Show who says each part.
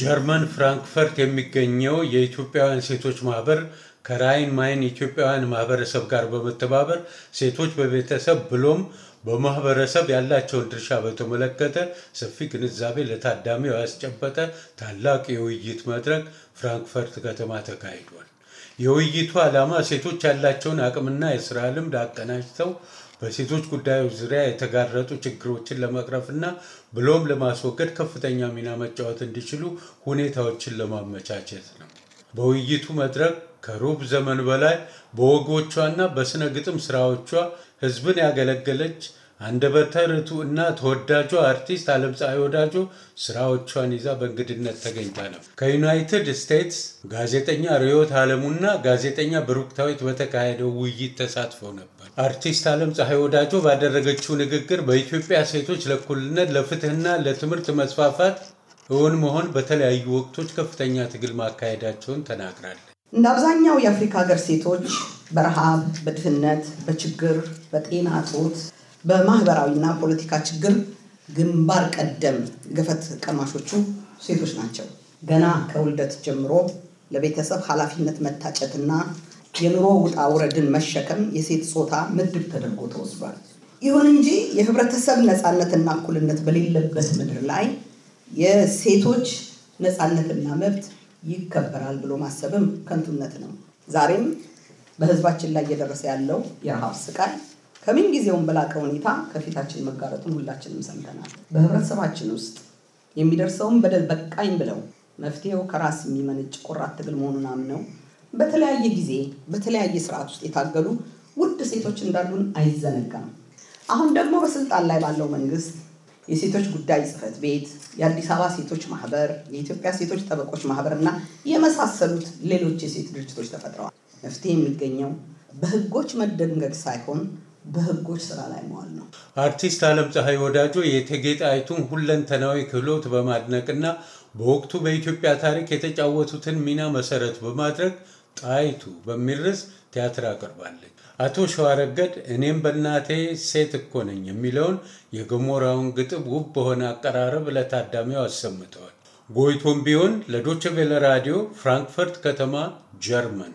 Speaker 1: ጀርመን ፍራንክፈርት የሚገኘው የኢትዮጵያውያን ሴቶች ማህበር ከራይን ማይን ኢትዮጵያውያን ማህበረሰብ ጋር በመተባበር ሴቶች በቤተሰብ ብሎም በማህበረሰብ ያላቸውን ድርሻ በተመለከተ ሰፊ ግንዛቤ ለታዳሚው ያስጨበጠ ታላቅ የውይይት መድረክ ፍራንክፈርት ከተማ ተካሂዷል። የውይይቱ ዓላማ ሴቶች ያላቸውን አቅምና የስራ ልምድ አቀናጅተው በሴቶች ጉዳዮች ዙሪያ የተጋረጡ ችግሮችን ለመቅረፍና ብሎም ለማስወገድ ከፍተኛ ሚና መጫወት እንዲችሉ ሁኔታዎችን ለማመቻቸት ነው። በውይይቱ መድረክ ከሩብ ዘመን በላይ በወጎቿና በስነ ግጥም ስራዎቿ ህዝብን ያገለገለች አንደበተ ርቱዕ እና ተወዳጇ አርቲስት ዓለምፀሐይ ወዳጆ ስራዎቿን ይዛ በእንግድነት ተገኝታ ነው። ከዩናይትድ ስቴትስ ጋዜጠኛ ርዕዮት አለሙና ጋዜጠኛ ብሩክታዊት በተካሄደው ውይይት ተሳትፈው ነበር። አርቲስት ፀሐይ ወዳጆ ባደረገችው ንግግር በኢትዮጵያ ሴቶች ለእኩልነት ለፍትህና ለትምህርት መስፋፋት እውን መሆን በተለያዩ ወቅቶች ከፍተኛ ትግል ማካሄዳቸውን ተናግራለች።
Speaker 2: እንደ አብዛኛው የአፍሪካ ሀገር ሴቶች በረሃብ፣ በድህነት፣ በችግር፣ በጤና እጦት በማህበራዊና ፖለቲካ ችግር ግንባር ቀደም ገፈት ቀማሾቹ ሴቶች ናቸው። ገና ከውልደት ጀምሮ ለቤተሰብ ኃላፊነት መታጨትና የኑሮ ውጣ ውረድን መሸከም የሴት ጾታ ምድብ ተደርጎ ተወስዷል። ይሁን እንጂ የህብረተሰብ ነፃነትና እኩልነት በሌለበት ምድር ላይ የሴቶች ነፃነትና መብት ይከበራል ብሎ ማሰብም ከንቱነት ነው። ዛሬም በህዝባችን ላይ እየደረሰ ያለው የረሃብ ስቃይ ከምን ጊዜውም በላቀ ሁኔታ ከፊታችን መጋረጡን ሁላችንም ሰምተናል። በህብረተሰባችን ውስጥ የሚደርሰውን በደል በቃኝ ብለው መፍትሄው ከራስ የሚመነጭ ቆራት ትግል መሆኑን አምነው በተለያየ ጊዜ በተለያየ ስርዓት ውስጥ የታገሉ ውድ ሴቶች እንዳሉን አይዘነጋም። አሁን ደግሞ በስልጣን ላይ ባለው መንግስት የሴቶች ጉዳይ ጽፈት ቤት፣ የአዲስ አበባ ሴቶች ማህበር፣ የኢትዮጵያ ሴቶች ጠበቆች ማህበር እና የመሳሰሉት ሌሎች የሴት ድርጅቶች ተፈጥረዋል። መፍትሄ የሚገኘው በህጎች መደንገግ ሳይሆን በህጎች ስራ ላይ መዋል ነው።
Speaker 1: አርቲስት አለም ፀሐይ ወዳጆ የእቴጌ ጣይቱን ሁለንተናዊ ክህሎት በማድነቅና በወቅቱ በኢትዮጵያ ታሪክ የተጫወቱትን ሚና መሰረት በማድረግ ጣይቱ በሚል ርዕስ ቲያትር አቅርባለች። አቶ ሸዋረገድ እኔም በእናቴ ሴት እኮ ነኝ የሚለውን የገሞራውን ግጥም ውብ በሆነ አቀራረብ ለታዳሚው አሰምተዋል። ጎይቶም ቢሆን ለዶችቬለ ራዲዮ ፍራንክፈርት ከተማ ጀርመን